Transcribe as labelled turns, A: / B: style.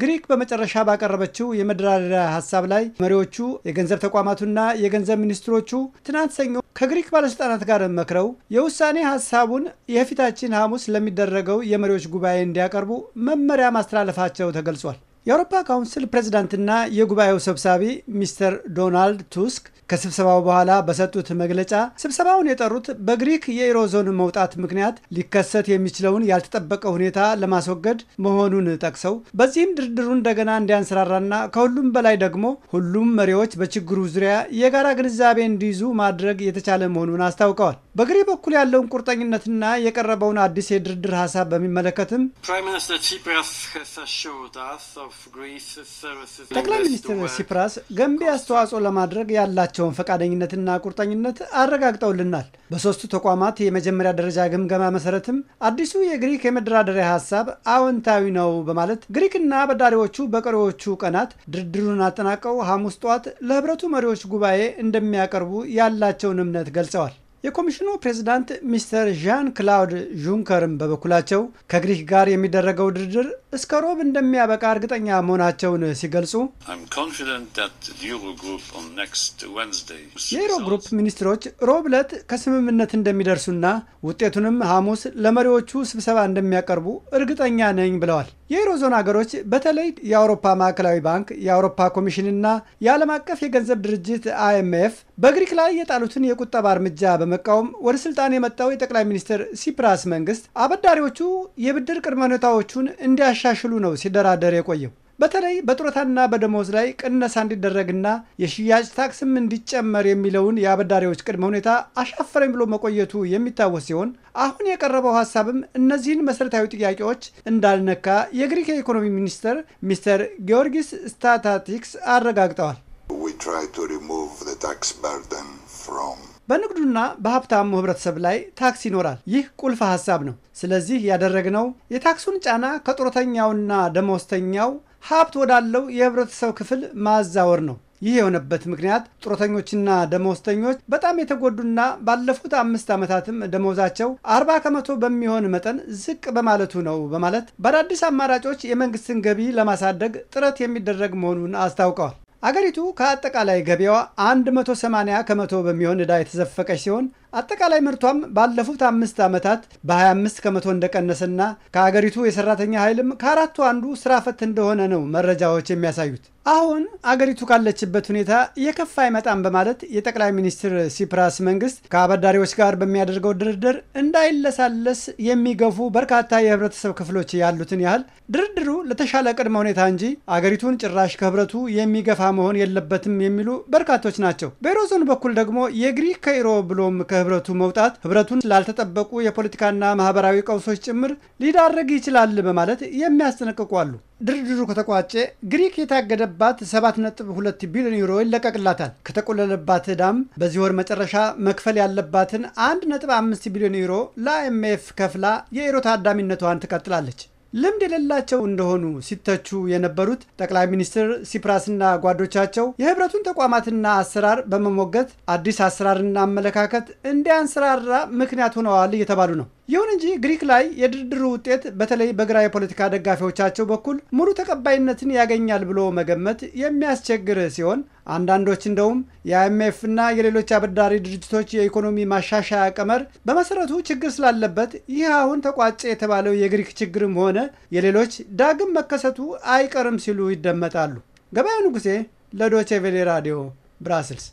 A: ግሪክ በመጨረሻ ባቀረበችው የመደራደሪያ ሀሳብ ላይ መሪዎቹ የገንዘብ ተቋማቱና የገንዘብ ሚኒስትሮቹ ትናንት ሰኞ ከግሪክ ባለስልጣናት ጋር መክረው የውሳኔ ሀሳቡን የፊታችን ሐሙስ ለሚደረገው የመሪዎች ጉባኤ እንዲያቀርቡ መመሪያ ማስተላለፋቸው ተገልጿል። የአውሮፓ ካውንስል ፕሬዝዳንትና የጉባኤው ሰብሳቢ ሚስተር ዶናልድ ቱስክ ከስብሰባው በኋላ በሰጡት መግለጫ ስብሰባውን የጠሩት በግሪክ የኢሮዞን መውጣት ምክንያት ሊከሰት የሚችለውን ያልተጠበቀ ሁኔታ ለማስወገድ መሆኑን ጠቅሰው በዚህም ድርድሩ እንደገና እንዲያንሰራራና ከሁሉም በላይ ደግሞ ሁሉም መሪዎች በችግሩ ዙሪያ የጋራ ግንዛቤ እንዲይዙ ማድረግ የተቻለ መሆኑን አስታውቀዋል። በግሪ በኩል ያለውን ቁርጠኝነትና የቀረበውን አዲስ የድርድር ሀሳብ በሚመለከትም ጠቅላይ ሚኒስትር ሲፕራስ ገንቢ አስተዋጽኦ ለማድረግ ያላቸውን ፈቃደኝነትና ቁርጠኝነት አረጋግጠውልናል። በሶስቱ ተቋማት የመጀመሪያ ደረጃ ግምገማ መሰረትም አዲሱ የግሪክ የመደራደሪያ ሀሳብ አዎንታዊ ነው በማለት ግሪክና በዳሪዎቹ በቀሪዎቹ ቀናት ድርድሩን አጠናቀው ሐሙስ ጠዋት ለህብረቱ መሪዎች ጉባኤ እንደሚያቀርቡ ያላቸውን እምነት ገልጸዋል። የኮሚሽኑ ፕሬዝዳንት ሚስተር ዣን ክላውድ ዡንከርም በበኩላቸው ከግሪክ ጋር የሚደረገው ድርድር እስከ ሮብ እንደሚያበቃ እርግጠኛ መሆናቸውን ሲገልጹ የዩሮ ግሩፕ ሚኒስትሮች ሮብ ዕለት ከስምምነት እንደሚደርሱና ውጤቱንም ሐሙስ ለመሪዎቹ ስብሰባ እንደሚያቀርቡ እርግጠኛ ነኝ ብለዋል። የዩሮ ዞን አገሮች በተለይ የአውሮፓ ማዕከላዊ ባንክ፣ የአውሮፓ ኮሚሽንና የዓለም አቀፍ የገንዘብ ድርጅት አይኤምኤፍ በግሪክ ላይ የጣሉትን የቁጠባ እርምጃ በመቃወም ወደ ስልጣን የመጣው የጠቅላይ ሚኒስትር ሲፕራስ መንግስት አበዳሪዎቹ የብድር ቅድመ ሁኔታዎቹን እንዲያሻሽሉ ነው ሲደራደር የቆየው። በተለይ በጡረታና በደሞዝ ላይ ቅነሳ እንዲደረግና የሽያጭ ታክስም እንዲጨመር የሚለውን የአበዳሪዎች ቅድመ ሁኔታ አሻፈረኝ ብሎ መቆየቱ የሚታወስ ሲሆን አሁን የቀረበው ሀሳብም እነዚህን መሠረታዊ ጥያቄዎች እንዳልነካ የግሪክ የኢኮኖሚ ሚኒስትር ሚስተር ጊዮርጊስ ስታታቲክስ አረጋግጠዋል። በንግዱና በሀብታሙ ህብረተሰብ ላይ ታክስ ይኖራል። ይህ ቁልፍ ሀሳብ ነው። ስለዚህ ያደረግነው የታክሱን ጫና ከጡረተኛውና ደመወዝተኛው ሀብት ወዳለው የህብረተሰብ ክፍል ማዛወር ነው። ይህ የሆነበት ምክንያት ጡረተኞችና ደመወዝተኞች በጣም የተጎዱና ባለፉት አምስት ዓመታትም ደመወዛቸው አርባ ከመቶ በሚሆን መጠን ዝቅ በማለቱ ነው በማለት በአዳዲስ አማራጮች የመንግስትን ገቢ ለማሳደግ ጥረት የሚደረግ መሆኑን አስታውቀዋል። አገሪቱ ከአጠቃላይ ገቢዋ 180 ከመቶ በሚሆን ዕዳ የተዘፈቀች ሲሆን አጠቃላይ ምርቷም ባለፉት አምስት ዓመታት በ25 ከመቶ እንደቀነሰና ከአገሪቱ የሰራተኛ ኃይልም ከአራቱ አንዱ ስራ ፈት እንደሆነ ነው መረጃዎች የሚያሳዩት። አሁን አገሪቱ ካለችበት ሁኔታ የከፋ አይመጣም በማለት የጠቅላይ ሚኒስትር ሲፕራስ መንግስት ከአበዳሪዎች ጋር በሚያደርገው ድርድር እንዳይለሳለስ የሚገፉ በርካታ የህብረተሰብ ክፍሎች ያሉትን ያህል ድርድሩ ለተሻለ ቅድመ ሁኔታ እንጂ አገሪቱን ጭራሽ ከህብረቱ የሚገፋ መሆን የለበትም የሚሉ በርካቶች ናቸው። በዩሮዞን በኩል ደግሞ የግሪክ ከይሮ ብሎም ከህብረቱ መውጣት ህብረቱን ላልተጠበቁ የፖለቲካና ማህበራዊ ቀውሶች ጭምር ሊዳረግ ይችላል በማለት የሚያስጠነቅቁ አሉ። ድርድሩ ከተቋጨ ግሪክ የታገደባት 7.2 ቢሊዮን ዩሮ ይለቀቅላታል። ከተቆለለባት ዕዳም በዚህ ወር መጨረሻ መክፈል ያለባትን 1.5 ቢሊዮን ዩሮ ለአይኤምኤፍ ከፍላ የኢሮ ታዳሚነቷን ትቀጥላለች። ልምድ የሌላቸው እንደሆኑ ሲተቹ የነበሩት ጠቅላይ ሚኒስትር ሲፕራስና ጓዶቻቸው የህብረቱን ተቋማትና አሰራር በመሞገት አዲስ አሰራርና አመለካከት እንዲያንሰራራ ምክንያት ሆነዋል እየተባሉ ነው። ይሁን እንጂ ግሪክ ላይ የድርድሩ ውጤት በተለይ በግራ የፖለቲካ ደጋፊዎቻቸው በኩል ሙሉ ተቀባይነትን ያገኛል ብሎ መገመት የሚያስቸግር ሲሆን አንዳንዶች እንደውም የአይኤምኤፍና የሌሎች አበዳሪ ድርጅቶች የኢኮኖሚ ማሻሻያ ቀመር በመሰረቱ ችግር ስላለበት ይህ አሁን ተቋጨ የተባለው የግሪክ ችግርም ሆነ የሌሎች ዳግም መከሰቱ አይቀርም ሲሉ ይደመጣሉ። ገበያው ንጉሴ ለዶቼ ቬሌ ራዲዮ ብራስልስ